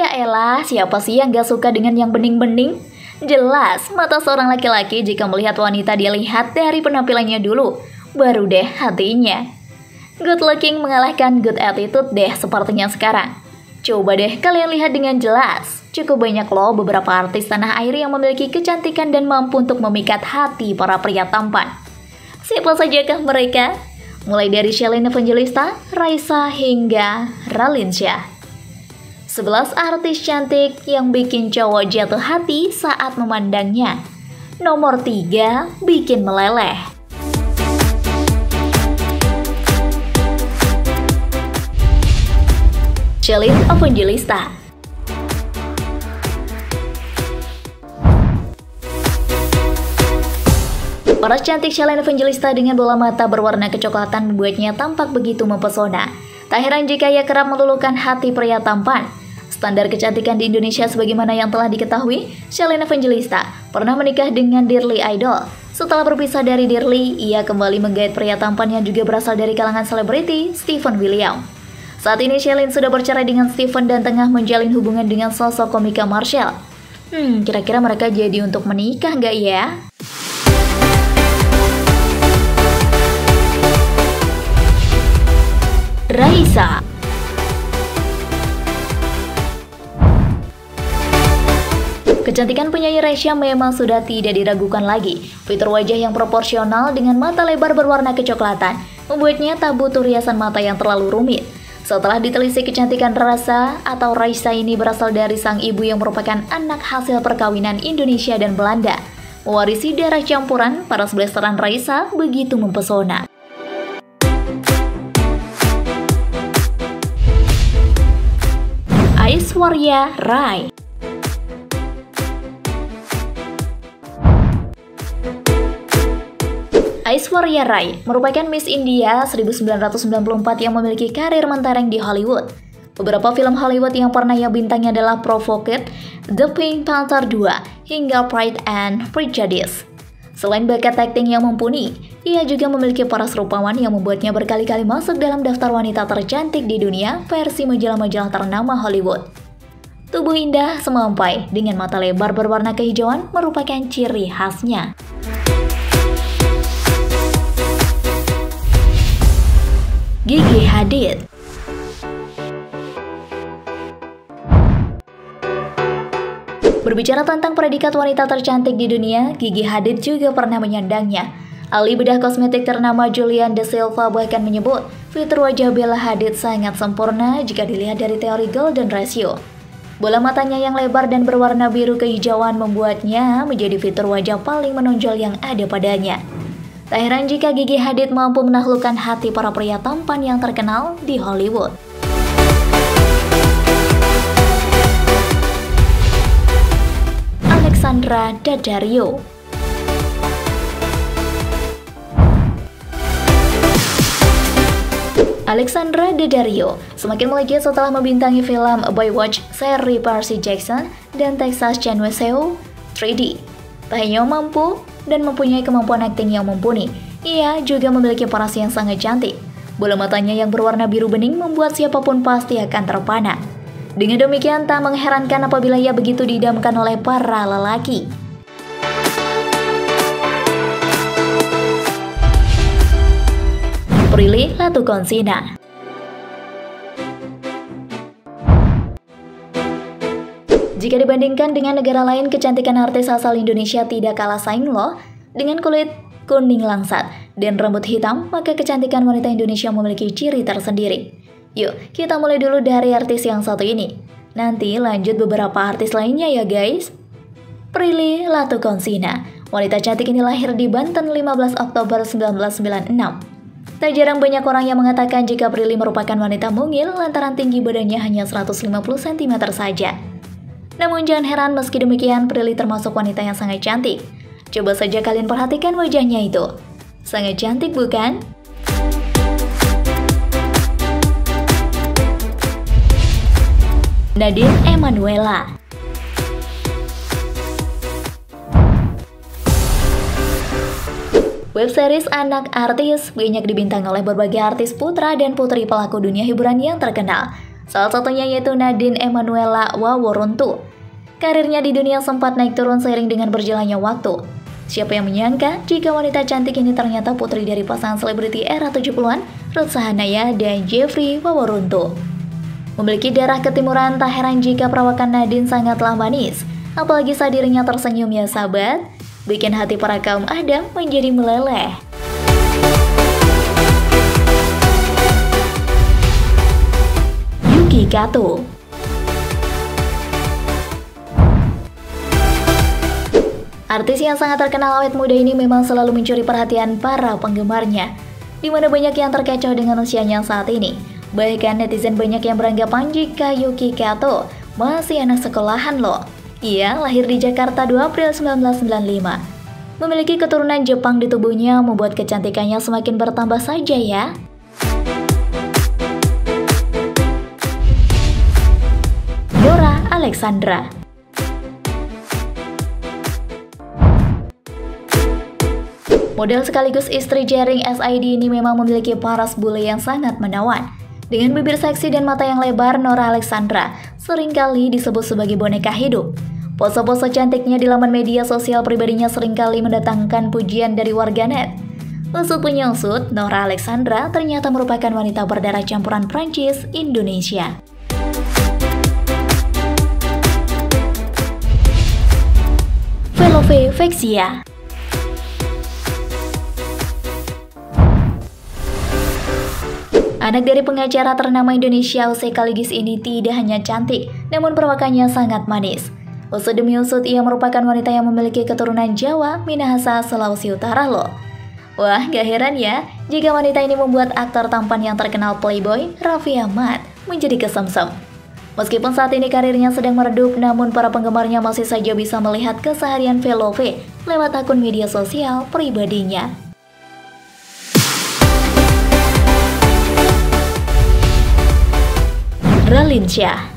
Ya elah, siapa sih yang gak suka dengan yang bening-bening? Jelas, mata seorang laki-laki jika melihat wanita dilihat dari penampilannya dulu, baru deh hatinya. Good looking mengalahkan good attitude deh sepertinya sekarang. Coba deh kalian lihat dengan jelas. Cukup banyak loh beberapa artis tanah air yang memiliki kecantikan dan mampu untuk memikat hati para pria tampan. Siapa sajakah mereka? Mulai dari Shalina Evangelista, Raisa hingga Ralinsyah. 11 artis cantik yang bikin cowok jatuh hati saat memandangnya. Nomor 3, bikin meleleh. Jelit Evangelista Para cantik Shalane Evangelista dengan bola mata berwarna kecoklatan membuatnya tampak begitu mempesona. Tak heran jika ia kerap meluluhkan hati pria tampan. Standar kecantikan di Indonesia sebagaimana yang telah diketahui, Shalene Evangelista pernah menikah dengan Dirly Idol. Setelah berpisah dari Dirly, ia kembali menggait pria tampan yang juga berasal dari kalangan selebriti, Stephen William. Saat ini Shalene sudah bercerai dengan Stephen dan tengah menjalin hubungan dengan sosok komika Marshall. Hmm, kira-kira mereka jadi untuk menikah nggak ya? Raisa Kecantikan penyanyi Resha memang sudah tidak diragukan lagi. Fitur wajah yang proporsional dengan mata lebar berwarna kecoklatan membuatnya tak butuh riasan mata yang terlalu rumit. Setelah ditelisik kecantikan Rasa atau Raisa ini berasal dari sang ibu yang merupakan anak hasil perkawinan Indonesia dan Belanda. Mewarisi darah campuran, para sebelasteran Raisa begitu mempesona. Aiswarya Rai Aishwarya Rai merupakan Miss India 1994 yang memiliki karir mentereng di Hollywood. Beberapa film Hollywood yang pernah ia bintangi adalah Provoked, The Pink Panther 2, hingga Pride and Prejudice. Selain bakat acting yang mumpuni, ia juga memiliki paras rupawan yang membuatnya berkali-kali masuk dalam daftar wanita tercantik di dunia versi majalah-majalah ternama Hollywood. Tubuh indah semampai dengan mata lebar berwarna kehijauan merupakan ciri khasnya. Gigi Hadid. Berbicara tentang predikat wanita tercantik di dunia, Gigi Hadid juga pernah menyandangnya. Ali bedah kosmetik ternama Julian De Silva bahkan menyebut fitur wajah Bella Hadid sangat sempurna jika dilihat dari teori golden ratio. Bola matanya yang lebar dan berwarna biru kehijauan membuatnya menjadi fitur wajah paling menonjol yang ada padanya. Tak heran jika Gigi Hadid mampu menaklukkan hati para pria tampan yang terkenal di Hollywood. Alexandra Daddario Alexandra Daddario semakin melegit setelah membintangi film Baywatch seri Percy Jackson dan Texas Chainsaw 3D. Tak hanya mampu dan mempunyai kemampuan akting yang mumpuni. Ia juga memiliki paras yang sangat cantik. Bola matanya yang berwarna biru bening membuat siapapun pasti akan terpana. Dengan demikian, tak mengherankan apabila ia begitu didamkan oleh para lelaki. Prilly Latukonsina Jika dibandingkan dengan negara lain, kecantikan artis asal Indonesia tidak kalah saing loh. Dengan kulit kuning langsat dan rambut hitam, maka kecantikan wanita Indonesia memiliki ciri tersendiri. Yuk, kita mulai dulu dari artis yang satu ini. Nanti lanjut beberapa artis lainnya ya guys. Prilly Latukonsina, wanita cantik ini lahir di Banten 15 Oktober 1996. Tak jarang banyak orang yang mengatakan jika Prilly merupakan wanita mungil lantaran tinggi badannya hanya 150 cm saja. Namun jangan heran meski demikian Prilly termasuk wanita yang sangat cantik. Coba saja kalian perhatikan wajahnya itu. Sangat cantik bukan? Nadine Emanuela Web series anak artis banyak dibintang oleh berbagai artis putra dan putri pelaku dunia hiburan yang terkenal. Salah satunya yaitu Nadine Emanuela Waworuntu. Karirnya di dunia sempat naik turun seiring dengan berjalannya waktu. Siapa yang menyangka jika wanita cantik ini ternyata putri dari pasangan selebriti era 70-an, Ruth Sahanaya dan Jeffrey Waworuntu. Memiliki darah ketimuran, tak heran jika perawakan Nadine sangatlah manis. Apalagi saat dirinya tersenyum ya sahabat, bikin hati para kaum Adam menjadi meleleh. wabarakatuh. Artis yang sangat terkenal awet muda ini memang selalu mencuri perhatian para penggemarnya, di mana banyak yang terkecoh dengan usianya saat ini. Bahkan netizen banyak yang beranggapan jika Yuki Kato masih anak sekolahan loh. Ia lahir di Jakarta 2 April 1995. Memiliki keturunan Jepang di tubuhnya membuat kecantikannya semakin bertambah saja ya. Alexandra. Model sekaligus istri jaring SID ini memang memiliki paras bule yang sangat menawan. Dengan bibir seksi dan mata yang lebar, Nora Alexandra seringkali disebut sebagai boneka hidup. Pose-pose cantiknya di laman media sosial pribadinya seringkali mendatangkan pujian dari warganet. Usut punya usut, Nora Alexandra ternyata merupakan wanita berdarah campuran Prancis Indonesia. Cafe Vexia. Anak dari pengacara ternama Indonesia Jose Kaligis ini tidak hanya cantik, namun perwakannya sangat manis. Usut demi usut, ia merupakan wanita yang memiliki keturunan Jawa, Minahasa, Sulawesi Utara loh. Wah, gak heran ya, jika wanita ini membuat aktor tampan yang terkenal playboy, Raffi Ahmad, menjadi kesemsem. Meskipun saat ini karirnya sedang meredup, namun para penggemarnya masih saja bisa melihat keseharian Velove lewat akun media sosial pribadinya. Ralincha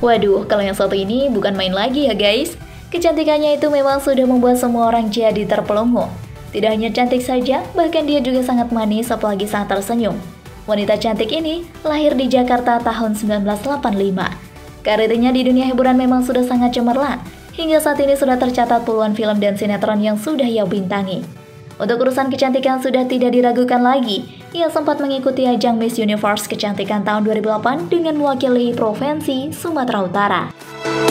Waduh, kalau yang satu ini bukan main lagi ya guys. Kecantikannya itu memang sudah membuat semua orang jadi terpelongo. Tidak hanya cantik saja, bahkan dia juga sangat manis apalagi sangat tersenyum. Wanita cantik ini lahir di Jakarta tahun 1985. Karirnya di dunia hiburan memang sudah sangat cemerlang. Hingga saat ini sudah tercatat puluhan film dan sinetron yang sudah ia bintangi. Untuk urusan kecantikan sudah tidak diragukan lagi. Ia sempat mengikuti ajang Miss Universe kecantikan tahun 2008 dengan mewakili provinsi Sumatera Utara.